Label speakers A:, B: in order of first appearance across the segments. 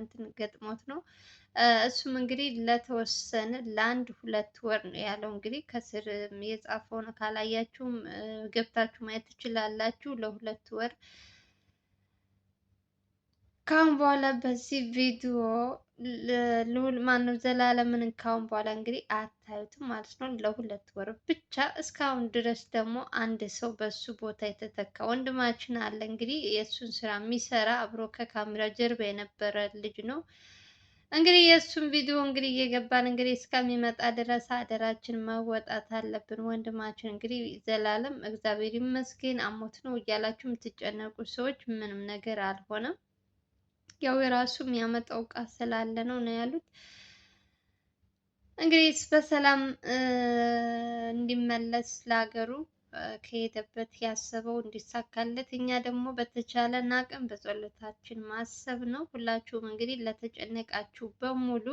A: እንትን ገጥሞት ነው። እሱም እንግዲህ ለተወሰነ ለአንድ ሁለት ወር ነው ያለው። እንግዲህ ከስር የጻፈውን ካላያችሁም ገብታችሁ ማየት ትችላላችሁ። ለሁለት ወር ካሁን በኋላ በዚህ ቪዲዮ ልዑል ማነው ዘላለምን ካሁን በኋላ እንግዲህ አታዩትም ማለት ነው፣ ለሁለት ወር ብቻ። እስካሁን ድረስ ደግሞ አንድ ሰው በሱ ቦታ የተተካ ወንድማችን አለ። እንግዲህ የእሱን ስራ የሚሰራ አብሮ ከካሜራ ጀርባ የነበረ ልጅ ነው። እንግዲህ የእሱን ቪዲዮ እንግዲህ እየገባን እንግዲህ እስከሚመጣ ድረስ አደራችን መወጣት አለብን። ወንድማችን እንግዲህ ዘላለም እግዚአብሔር ይመስገን አሞት ነው እያላችሁ የምትጨነቁ ሰዎች ምንም ነገር አልሆነም። ያው የራሱ የሚያመጣው እቃ ስላለ ነው ነው ያሉት። እንግዲህ በሰላም እንዲመለስ ለሀገሩ ከሄደበት ያሰበው እንዲሳካለት እኛ ደግሞ በተቻለን አቅም በጸሎታችን ማሰብ ነው። ሁላችሁም እንግዲህ ለተጨነቃችሁ በሙሉ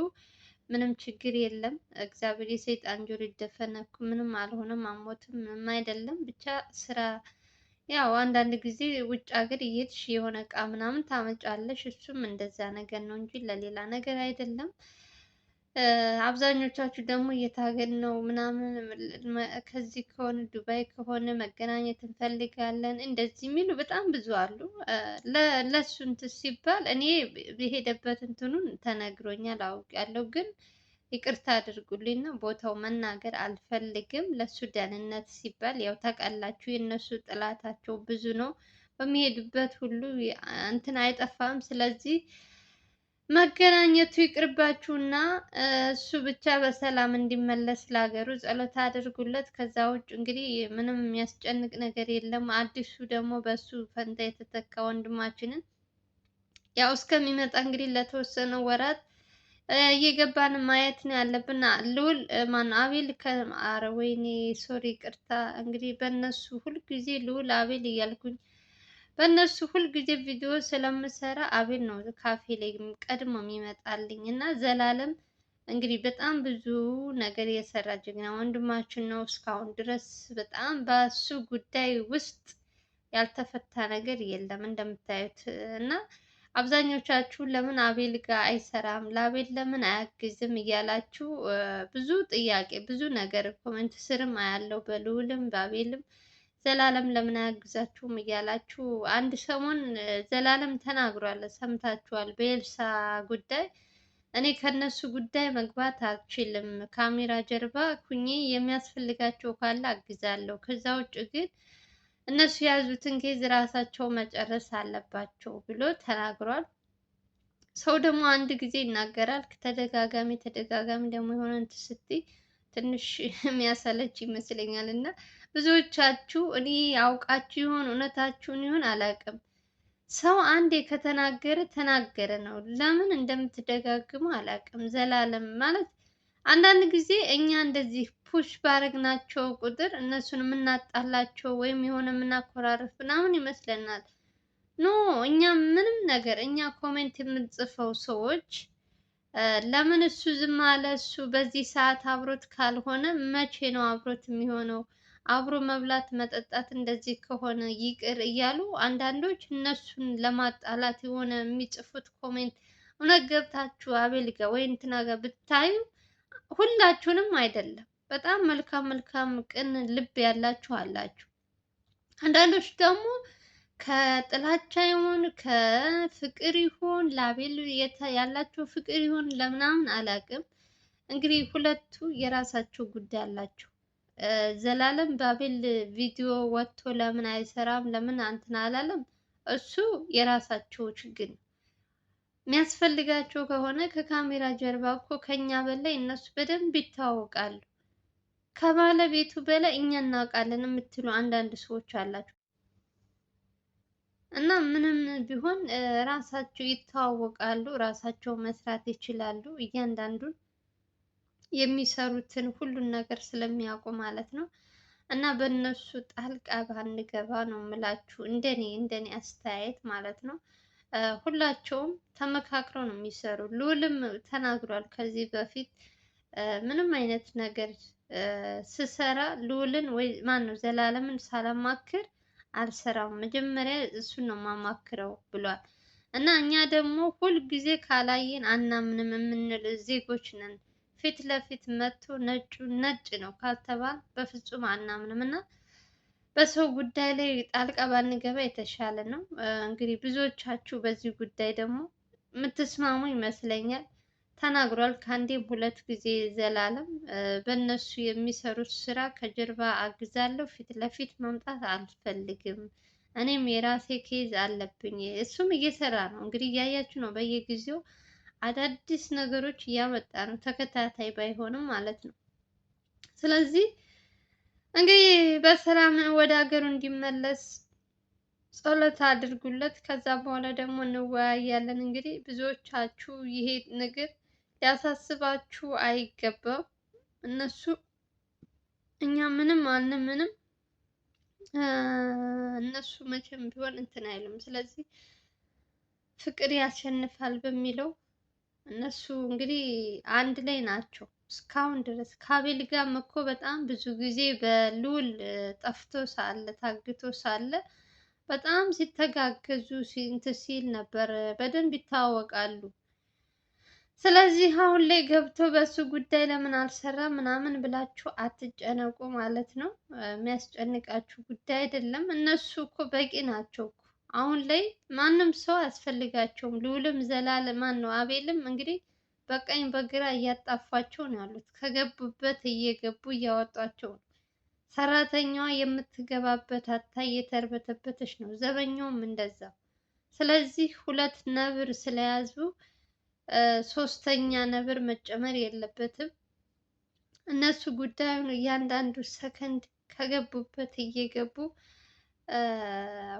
A: ምንም ችግር የለም። እግዚአብሔር የሰይጣን ጆሮ ይደፈን። ምንም አልሆነም፣ አሞትም ምንም አይደለም። ብቻ ስራ ያው አንዳንድ ጊዜ ውጭ ሀገር እየሄድሽ የሆነ እቃ ምናምን ታመጫለሽ። እሱም እንደዛ ነገር ነው እንጂ ለሌላ ነገር አይደለም። አብዛኞቻችሁ ደግሞ እየታገል ነው ምናምን ከዚህ ከሆነ ዱባይ ከሆነ መገናኘት እንፈልጋለን እንደዚህ የሚሉ በጣም ብዙ አሉ። ለእሱ እንትን ሲባል እኔ የሄደበት እንትኑን ተነግሮኛል አውቅ ያለው ግን ይቅርታ አድርጉልኝ ነው ቦታው መናገር አልፈልግም። ለሱ ደህንነት ሲባል ያው ታውቃላችሁ የእነሱ ጥላታቸው ብዙ ነው። በሚሄዱበት ሁሉ እንትን አይጠፋም። ስለዚህ መገናኘቱ ይቅርባችሁና እሱ ብቻ በሰላም እንዲመለስ ለሀገሩ ጸሎት አድርጉለት። ከዛ ውጭ እንግዲህ ምንም የሚያስጨንቅ ነገር የለም። አዲሱ ደግሞ በሱ ፈንታ የተተካ ወንድማችንን ያው እስከሚመጣ እንግዲህ ለተወሰነ ወራት እየገባን ማየት ነው ያለብን። ልዑል ማን አቤል ከማረ ወይኔ፣ ሶሪ ቅርታ። እንግዲህ በእነሱ ሁልጊዜ ልውል አቤል እያልኩኝ በእነሱ ሁልጊዜ ቪዲዮ ስለምሰራ አቤል ነው ካፌ ላይ ቀድሞ የሚመጣልኝ እና ዘላለም እንግዲህ በጣም ብዙ ነገር የሰራ ጀግና ወንድማችን ነው። እስካሁን ድረስ በጣም በሱ ጉዳይ ውስጥ ያልተፈታ ነገር የለም እንደምታዩት እና አብዛኞቻችሁ ለምን አቤል ጋር አይሰራም፣ ለአቤል ለምን አያግዝም እያላችሁ ብዙ ጥያቄ ብዙ ነገር ኮመንት ስርም አያለው በልውልም በአቤልም ዘላለም ለምን አያግዛችሁም እያላችሁ አንድ ሰሞን ዘላለም ተናግሯል። ሰምታችኋል። በኤልሳ ጉዳይ እኔ ከነሱ ጉዳይ መግባት አልችልም፣ ካሜራ ጀርባ ኩኜ የሚያስፈልጋቸው ካለ አግዛለሁ፣ ከዛ ውጭ ግን እነሱ የያዙትን ኬዝ ራሳቸው መጨረስ አለባቸው ብሎ ተናግሯል። ሰው ደግሞ አንድ ጊዜ ይናገራል። ከተደጋጋሚ ተደጋጋሚ ደግሞ የሆነ እንትን ስትይ ትንሽ የሚያሰለች ይመስለኛል። እና ብዙዎቻችሁ እኔ አውቃችሁ ይሆን እውነታችሁን ይሆን አላውቅም፣ ሰው አንዴ ከተናገረ ተናገረ ነው። ለምን እንደምትደጋግሙ አላውቅም። ዘላለም ማለት አንዳንድ ጊዜ እኛ እንደዚህ ፑሽ ባረግናቸው ቁጥር እነሱን የምናጣላቸው ወይም የሆነ የምናኮራረፍ ምናምን ይመስለናል። ኖ እኛ ምንም ነገር እኛ ኮሜንት የምንጽፈው ሰዎች ለምን እሱ ዝም አለ? እሱ በዚህ ሰዓት አብሮት ካልሆነ መቼ ነው አብሮት የሚሆነው? አብሮ መብላት መጠጣት እንደዚህ ከሆነ ይቅር እያሉ አንዳንዶች እነሱን ለማጣላት የሆነ የሚጽፉት ኮሜንት እውነት ገብታችሁ አቤል ጋር ወይ እንትና ጋር ብታዩ ሁላችሁንም አይደለም። በጣም መልካም መልካም ቅን ልብ ያላችሁ አላችሁ። አንዳንዶች ደግሞ ከጥላቻ ይሁን ከፍቅር ይሁን ላቤል ያላቸው ፍቅር ይሁን ለምናምን አላውቅም። እንግዲህ ሁለቱ የራሳቸው ጉዳይ አላቸው። ዘላለም ባቤል ቪዲዮ ወጥቶ ለምን አይሰራም ለምን አንትን አላለም? እሱ የራሳቸው ችግር ነው። የሚያስፈልጋቸው ከሆነ ከካሜራ ጀርባ እኮ ከኛ በላይ እነሱ በደንብ ይታወቃሉ። ከባለቤቱ በላይ እኛ እናውቃለን የምትሉ አንዳንድ ሰዎች አላቸው። እና ምንም ቢሆን ራሳቸው ይተዋወቃሉ፣ ራሳቸው መስራት ይችላሉ። እያንዳንዱን የሚሰሩትን ሁሉን ነገር ስለሚያውቁ ማለት ነው። እና በእነሱ ጣልቃ ባንገባ ነው የምላችሁ፣ እንደኔ እንደኔ አስተያየት ማለት ነው። ሁላቸውም ተመካክረው ነው የሚሰሩ። ልዑልም ተናግሯል ከዚህ በፊት ምንም አይነት ነገር ስሰራ ልዑልን ወይ ማን ነው ዘላለምን ሳላማክር አልሰራም፣ መጀመሪያ እሱን ነው ማማክረው ብሏል። እና እኛ ደግሞ ሁልጊዜ ካላየን አናምንም የምንል ዜጎች ነን። ፊት ለፊት መጥቶ ነጩ ነጭ ነው ካልተባል በፍጹም አናምንም እና በሰው ጉዳይ ላይ ጣልቃ ባንገባ የተሻለ ነው። እንግዲህ ብዙዎቻችሁ በዚህ ጉዳይ ደግሞ የምትስማሙ ይመስለኛል። ተናግሯል ከአንዴም ሁለት ጊዜ ዘላለም በእነሱ የሚሰሩት ስራ ከጀርባ አግዛለሁ፣ ፊት ለፊት መምጣት አልፈልግም፣ እኔም የራሴ ኬዝ አለብኝ። እሱም እየሰራ ነው እንግዲህ እያያችሁ ነው። በየጊዜው አዳዲስ ነገሮች እያመጣ ነው፣ ተከታታይ ባይሆንም ማለት ነው። ስለዚህ እንግዲህ በሰላም ወደ ሀገሩ እንዲመለስ ጸሎት አድርጉለት። ከዛ በኋላ ደግሞ እንወያያለን። እንግዲህ ብዙዎቻችሁ ይሄ ነገር ሊያሳስባችሁ አይገባም። እነሱ እኛ ምንም አልን ምንም እነሱ መቼም ቢሆን እንትን አይለም ስለዚህ ፍቅር ያሸንፋል በሚለው እነሱ እንግዲህ አንድ ላይ ናቸው። እስካሁን ድረስ ከአቤል ጋርም እኮ በጣም ብዙ ጊዜ በልዑል ጠፍቶ ሳለ ታግቶ ሳለ በጣም ሲተጋገዙ እንትን ሲል ነበር። በደንብ ይታወቃሉ። ስለዚህ አሁን ላይ ገብቶ በእሱ ጉዳይ ለምን አልሰራ ምናምን ብላችሁ አትጨነቁ ማለት ነው። የሚያስጨንቃችሁ ጉዳይ አይደለም። እነሱ እኮ በቂ ናቸው አሁን ላይ ማንም ሰው አያስፈልጋቸውም። ልዑልም ዘላለም ማን ነው አቤልም እንግዲህ በቀኝ በግራ እያጣፋቸው ነው ያሉት። ከገቡበት እየገቡ እያወጧቸው ነው። ሰራተኛዋ የምትገባበት አታ እየተርበተበተች ነው። ዘበኛውም እንደዛ። ስለዚህ ሁለት ነብር ስለያዙ ሶስተኛ ነብር መጨመር የለበትም። እነሱ ጉዳዩን እያንዳንዱ ሰከንድ ከገቡበት እየገቡ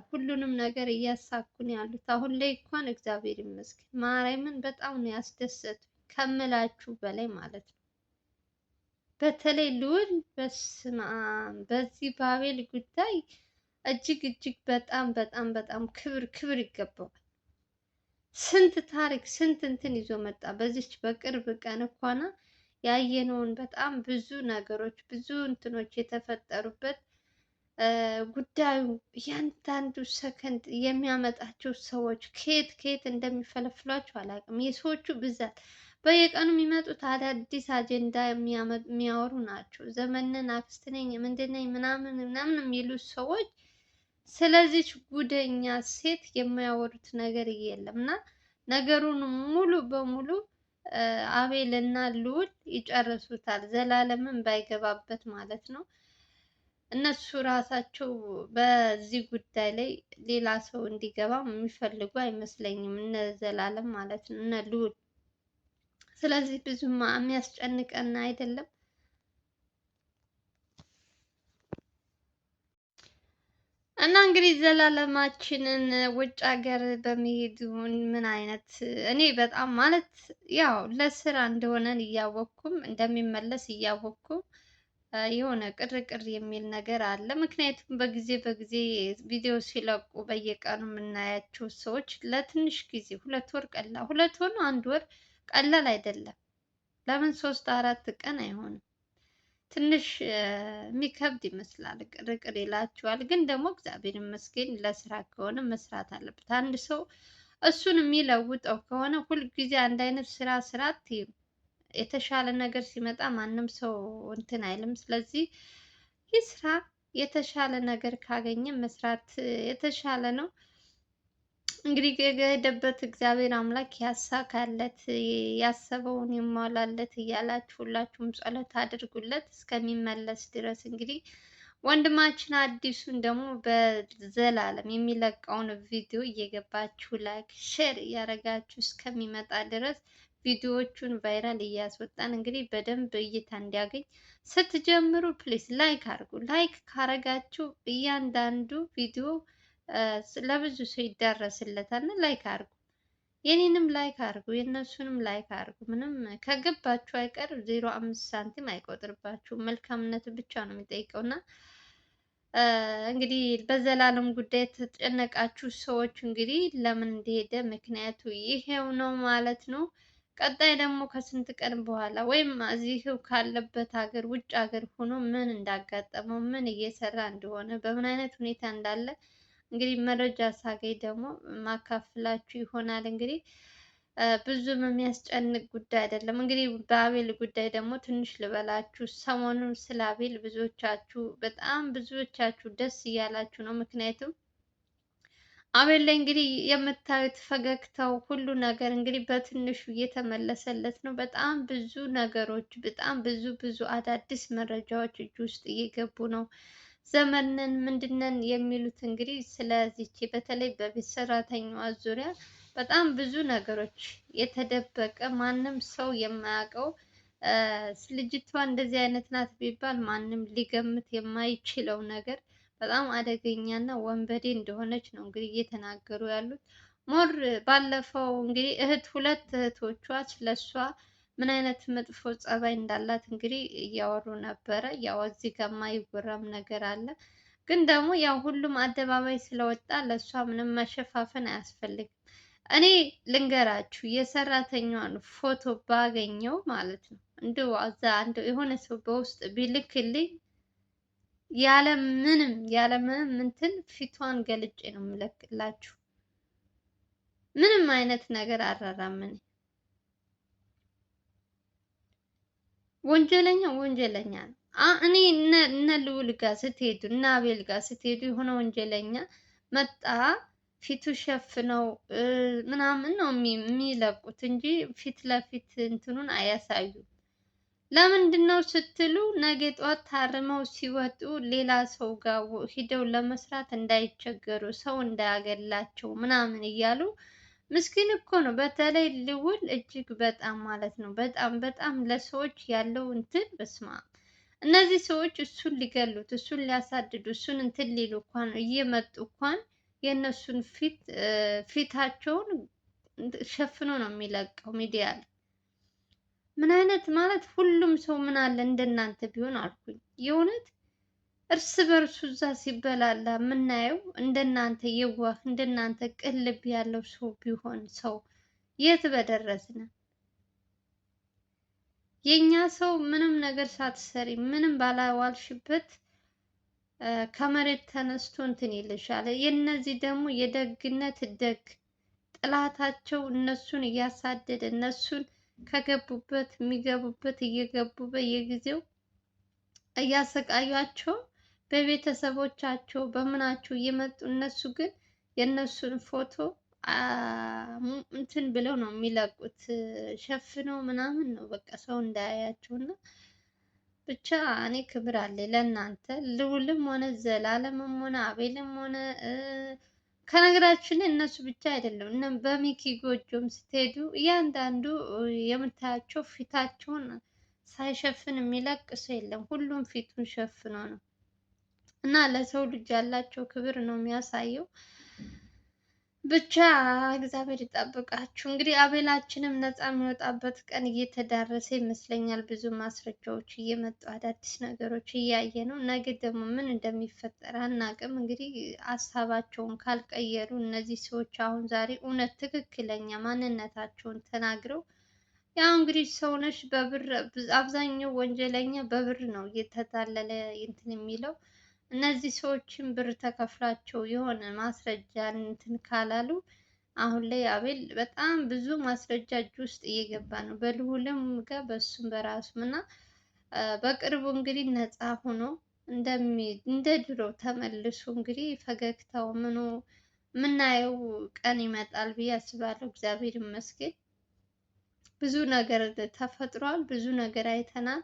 A: ሁሉንም ነገር እያሳኩን ያሉት። አሁን ላይ እንኳን እግዚአብሔር ይመስገን ማርያምን በጣም ነው ያስደሰቱ። ከምላችሁ በላይ ማለት ነው። በተለይ ልዑል በስማም በዚህ በአቤል ጉዳይ እጅግ እጅግ በጣም በጣም በጣም ክብር ክብር ይገባዋል። ስንት ታሪክ ስንት እንትን ይዞ መጣ። በዚች በቅርብ ቀን እኳና ያየነውን በጣም ብዙ ነገሮች ብዙ እንትኖች የተፈጠሩበት ጉዳዩ እያንዳንዱ ሰከንድ የሚያመጣቸው ሰዎች ከየት ከየት እንደሚፈለፍሏቸው አላውቅም። የሰዎቹ ብዛት በየቀኑ የሚመጡት አዳዲስ አጀንዳ የሚያወሩ ናቸው። ዘመንን አክስት ነኝ ምንድን ነኝ ምናምን ምናምን የሚሉት ሰዎች ስለዚች ጉደኛ ሴት የማያወሩት ነገር የለም እና ነገሩን ሙሉ በሙሉ አቤልና ልዑል ይጨርሱታል። ዘላለምን ባይገባበት ማለት ነው። እነሱ ራሳቸው በዚህ ጉዳይ ላይ ሌላ ሰው እንዲገባ የሚፈልጉ አይመስለኝም። እነ ዘላለም ማለት ነው እነ ልዑል ስለዚህ ብዙም የሚያስጨንቀን አይደለም። እና እንግዲህ ዘላለማችንን ውጭ ሀገር በሚሄዱ ምን አይነት እኔ በጣም ማለት ያው ለስራ እንደሆነን እያወቅኩም እንደሚመለስ እያወቅኩም የሆነ ቅርቅር የሚል ነገር አለ። ምክንያቱም በጊዜ በጊዜ ቪዲዮ ሲለቁ በየቀኑ የምናያቸው ሰዎች ለትንሽ ጊዜ ሁለት ወር ቀላ ሁለት ወር አንድ ወር ቀላል አይደለም። ለምን ሶስት አራት ቀን አይሆንም። ትንሽ የሚከብድ ይመስላል። ቅርቅር ይላችኋል። ግን ደግሞ እግዚአብሔር ይመስገን ለስራ ከሆነ መስራት አለበት። አንድ ሰው እሱን የሚለውጠው ከሆነ ሁልጊዜ አንድ አይነት ስራ ስራ አትይም። የተሻለ ነገር ሲመጣ ማንም ሰው እንትን አይልም። ስለዚህ ይህ ስራ የተሻለ ነገር ካገኘ መስራት የተሻለ ነው። እንግዲህ የገደበት እግዚአብሔር አምላክ ያሳካለት ያሰበውን ይሟላለት እያላችሁ ሁላችሁም ጸሎት አድርጉለት እስከሚመለስ ድረስ። እንግዲህ ወንድማችን አዲሱን ደግሞ በዘላለም የሚለቀውን ቪዲዮ እየገባችሁ ላይክ፣ ሼር እያደረጋችሁ እስከሚመጣ ድረስ ቪዲዮዎቹን ቫይራል እያስወጣን እንግዲህ በደንብ እይታ እንዲያገኝ ስትጀምሩ ፕሊስ ላይክ አድርጉ። ላይክ ካረጋችሁ እያንዳንዱ ቪዲዮ ለብዙ ሰው ይዳረስለታል። ላይክ አድርጉ፣ የኔንም ላይክ አድርጉ፣ የእነሱንም ላይክ አድርጉ። ምንም ከገባችሁ አይቀር ዜሮ አምስት ሳንቲም አይቆጥርባችሁም። መልካምነት ብቻ ነው የሚጠይቀው እና እንግዲህ በዘላለም ጉዳይ የተጨነቃችሁ ሰዎች እንግዲህ ለምን እንደሄደ ምክንያቱ ይሄው ነው ማለት ነው። ቀጣይ ደግሞ ከስንት ቀን በኋላ ወይም እዚህ ካለበት ሀገር ውጭ ሀገር ሆኖ ምን እንዳጋጠመው ምን እየሰራ እንደሆነ በምን አይነት ሁኔታ እንዳለ እንግዲህ መረጃ ሳገኝ ደግሞ ማካፍላችሁ ይሆናል። እንግዲህ ብዙም የሚያስጨንቅ ጉዳይ አይደለም። እንግዲህ በአቤል ጉዳይ ደግሞ ትንሽ ልበላችሁ። ሰሞኑን ስለ አቤል ብዙዎቻችሁ በጣም ብዙዎቻችሁ ደስ እያላችሁ ነው። ምክንያቱም አቤል ላይ እንግዲህ የምታዩት ፈገግታው ሁሉ ነገር እንግዲህ በትንሹ እየተመለሰለት ነው። በጣም ብዙ ነገሮች፣ በጣም ብዙ ብዙ አዳዲስ መረጃዎች እጅ ውስጥ እየገቡ ነው። ዘመንን ምንድነን የሚሉት እንግዲህ ስለዚች በተለይ በቤት ሰራተኛዋ ዙሪያ በጣም ብዙ ነገሮች የተደበቀ ማንም ሰው የማያውቀው ልጅቷ እንደዚህ አይነት ናት ቢባል ማንም ሊገምት የማይችለው ነገር በጣም አደገኛ እና ወንበዴ እንደሆነች ነው እንግዲህ እየተናገሩ ያሉት። ሞር ባለፈው እንግዲህ እህት ሁለት እህቶቿ ስለሷ ምን አይነት መጥፎ ጸባይ እንዳላት እንግዲህ እያወሩ ነበረ። ያው እዚህ ጋር የማይወራም ነገር አለ፣ ግን ደግሞ ያው ሁሉም አደባባይ ስለወጣ ለእሷ ምንም መሸፋፈን አያስፈልግም። እኔ ልንገራችሁ የሰራተኛዋን ፎቶ ባገኘው ማለት ነው እንዲ እዛ የሆነ ሰው በውስጥ ቢልክልኝ ያለ ምንም ያለ ምንም እንትን ፊቷን ገልጬ ነው የምለክላችሁ። ምንም አይነት ነገር አልራራም እኔ ወንጀለኛ ወንጀለኛ ነው። እኔ እነ ልዑል ጋር ስትሄዱ እነ አቤል ጋር ስትሄዱ የሆነ ወንጀለኛ መጣ ፊቱ ሸፍነው ምናምን ነው የሚለቁት እንጂ ፊት ለፊት እንትኑን አያሳዩም። ለምንድን ነው ስትሉ ነገ ጧት ታርመው ሲወጡ ሌላ ሰው ጋር ሂደው ለመስራት እንዳይቸገሩ ሰው እንዳያገላቸው ምናምን እያሉ ምስኪን እኮ ነው። በተለይ ልውል እጅግ በጣም ማለት ነው በጣም በጣም ለሰዎች ያለው እንትን በስማ እነዚህ ሰዎች እሱን ሊገሉት፣ እሱን ሊያሳድዱ፣ እሱን እንትን ሊሉ እንኳን እየመጡ እንኳን የእነሱን ፊት ፊታቸውን ሸፍኖ ነው የሚለቀው ሚዲያ ላይ። ምን አይነት ማለት ሁሉም ሰው ምን አለ እንደናንተ ቢሆን አልኩኝ የእውነት እርስ በርሱ እዛ ሲበላላ የምናየው እንደናንተ የዋህ እንደናንተ ቅልብ ያለው ሰው ቢሆን ሰው የት በደረስን። የእኛ ሰው ምንም ነገር ሳትሰሪ ምንም ባላዋልሽበት ከመሬት ተነስቶ እንትን ይልሻል። የእነዚህ ደግሞ የደግነት ደግ ጥላታቸው እነሱን እያሳደደ እነሱን ከገቡበት የሚገቡበት እየገቡ በየጊዜው እያሰቃያቸው በቤተሰቦቻቸው በምናቸው እየመጡ እነሱ ግን የእነሱን ፎቶ እንትን ብለው ነው የሚለቁት፣ ሸፍነው ምናምን ነው በቃ ሰው እንዳያያቸው እና ብቻ እኔ ክብር አለ ለእናንተ ልውልም ሆነ ዘላለምም ሆነ አቤልም ሆነ ከነገራችን ላይ እነሱ ብቻ አይደለም እና በሚኪ ጎጆም ስትሄዱ እያንዳንዱ የምታያቸው ፊታቸውን ሳይሸፍን የሚለቅ ሰው የለም። ሁሉም ፊቱን ሸፍኖ ነው። እና ለሰው ልጅ ያላቸው ክብር ነው የሚያሳየው። ብቻ እግዚአብሔር ይጠብቃችሁ። እንግዲህ አቤላችንም ነፃ የሚወጣበት ቀን እየተዳረሰ ይመስለኛል። ብዙ ማስረጃዎች እየመጡ አዳዲስ ነገሮች እያየ ነው። ነገ ደግሞ ምን እንደሚፈጠር አናቅም። እንግዲህ ሀሳባቸውን ካልቀየሩ እነዚህ ሰዎች አሁን ዛሬ እውነት ትክክለኛ ማንነታቸውን ተናግረው ያው እንግዲህ ሰውነሽ በብር አብዛኛው ወንጀለኛ በብር ነው እየተታለለ እንትን የሚለው እነዚህ ሰዎችን ብር ተከፍላቸው የሆነ ማስረጃ እንትን ካላሉ አሁን ላይ አቤል በጣም ብዙ ማስረጃ እጅ ውስጥ እየገባ ነው። በልዑልም ጋር በሱም በራሱም እና በቅርቡ እንግዲህ ነፃ ሆኖ እንደ ድሮ ተመልሶ እንግዲህ ፈገግታው ምኑ የምናየው ቀን ይመጣል ብዬ አስባለሁ። እግዚአብሔር ይመስገን ብዙ ነገር ተፈጥሯል፣ ብዙ ነገር አይተናል።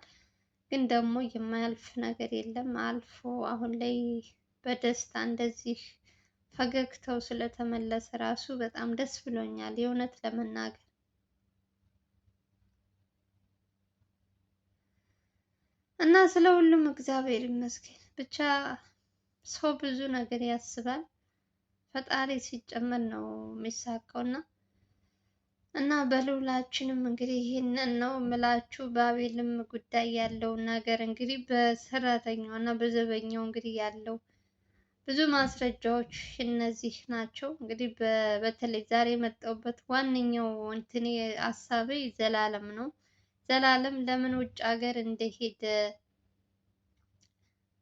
A: ግን ደግሞ የማያልፍ ነገር የለም። አልፎ አሁን ላይ በደስታ እንደዚህ ፈገግታው ስለተመለሰ ራሱ በጣም ደስ ብሎኛል የእውነት ለመናገር። እና ስለ ሁሉም እግዚአብሔር ይመስገን። ብቻ ሰው ብዙ ነገር ያስባል፣ ፈጣሪ ሲጨመር ነው የሚሳካው እና እና በልዑላችንም እንግዲህ ይህንን ነው ምላችሁ። በአቤልም ጉዳይ ያለው ነገር እንግዲህ በሰራተኛው እና በዘበኛው እንግዲህ ያለው ብዙ ማስረጃዎች እነዚህ ናቸው። እንግዲህ በተለይ ዛሬ የመጣሁበት ዋነኛው እንትኔ ሀሳቤ ዘላለም ነው። ዘላለም ለምን ውጭ ሀገር እንደሄደ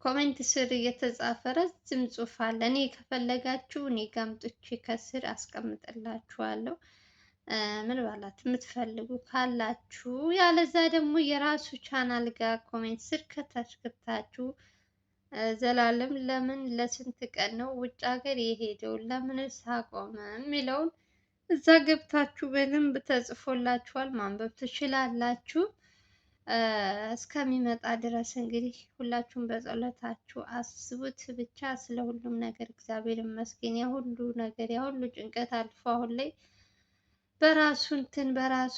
A: ኮሜንት ስር እየተጻፈ ረጅም ጽሑፍ አለ። እኔ ከፈለጋችሁ እኔ ጋምጥቼ ከስር አስቀምጥላችኋለሁ። ምን ባላችሁ የምትፈልጉ ካላችሁ ያለዛ ደግሞ የራሱ ቻናል ጋር ኮሜንት ስር ከታች ገብታችሁ ዘላለም ለምን ለስንት ቀን ነው ውጭ ሀገር የሄደው ለምንስ ሳቆመ የሚለውን እዛ ገብታችሁ በደንብ ተጽፎላችኋል ማንበብ ትችላላችሁ። እስከሚመጣ ድረስ እንግዲህ ሁላችሁም በጸሎታችሁ አስቡት። ብቻ ስለ ሁሉም ነገር እግዚአብሔር ይመስገን። ያሁሉ ነገር ሁሉ ጭንቀት አልፎ አሁን ላይ በራሱ እንትን በራሱ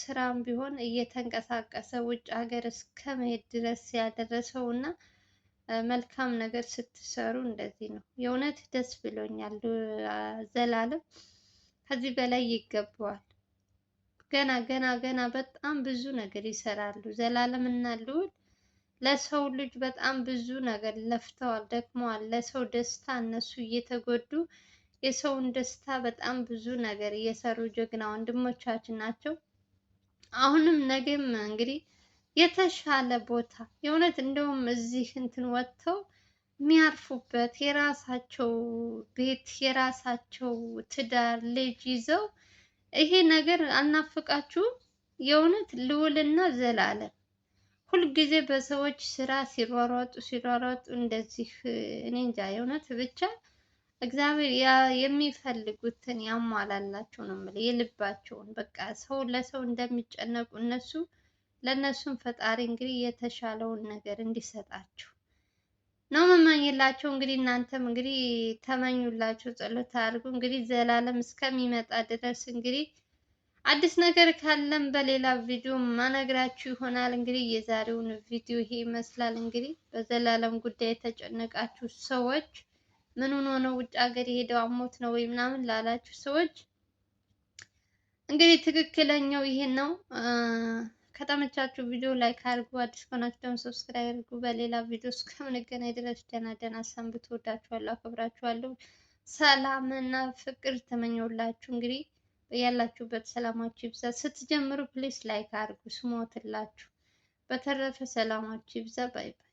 A: ስራም ቢሆን እየተንቀሳቀሰ ውጭ ሀገር እስከ መሄድ ድረስ ያደረሰው እና መልካም ነገር ስትሰሩ እንደዚህ ነው። የእውነት ደስ ብሎኛል። ዘላለም ከዚህ በላይ ይገባዋል። ገና ገና ገና በጣም ብዙ ነገር ይሰራሉ። ዘላለም እና ልዑል ለሰው ልጅ በጣም ብዙ ነገር ለፍተዋል፣ ደክመዋል። ለሰው ደስታ እነሱ እየተጎዱ የሰውን ደስታ በጣም ብዙ ነገር እየሰሩ ጀግና ወንድሞቻችን ናቸው። አሁንም ነገም እንግዲህ የተሻለ ቦታ የእውነት እንደውም እዚህ እንትን ወጥተው የሚያርፉበት የራሳቸው ቤት የራሳቸው ትዳር ልጅ ይዘው ይሄ ነገር አናፍቃችሁም? የእውነት ልዑልና ዘላለም ሁልጊዜ በሰዎች ስራ ሲሯሯጡ ሲሯሯጡ እንደዚህ እኔ እንጃ የእውነት ብቻ እግዚአብሔር የሚፈልጉትን ያሟላላቸው ነው የምልህ፣ የልባቸውን በቃ ሰው ለሰው እንደሚጨነቁ እነሱ ለእነሱም ፈጣሪ እንግዲህ የተሻለውን ነገር እንዲሰጣቸው ነው መመኝላቸው። እንግዲህ እናንተም እንግዲህ ተመኙላቸው፣ ጸሎት አድርጉ። እንግዲህ ዘላለም እስከሚመጣ ድረስ እንግዲህ አዲስ ነገር ካለም በሌላ ቪዲዮ ማነግራችሁ ይሆናል። እንግዲህ የዛሬውን ቪዲዮ ይሄ ይመስላል። እንግዲህ በዘላለም ጉዳይ የተጨነቃችሁ ሰዎች ምን ሆኖ ነው ውጭ ሀገር የሄደው አሞት ነው ወይ ምናምን ላላችሁ ሰዎች እንግዲህ ትክክለኛው ይሄን ነው። ከተመቻችሁ ቪዲዮ ላይክ አድርጉ፣ አዲስ ከሆናችሁ ደግሞ ሰብስክራይብ አድርጉ። በሌላ ቪዲዮ እስከምንገናኝ ድረስ ደህና ደህና ሰንብቱ። እወዳችኋለሁ፣ አከብራችኋለሁ። ሰላም እና ፍቅር ተመኘውላችሁ። እንግዲህ ያላችሁበት ሰላማችሁ ይብዛ። ስትጀምሩ ፕሊስ ላይክ አድርጉ፣ ስሞትላችሁ። በተረፈ ሰላማችሁ ይብዛ። ባይ ባይ።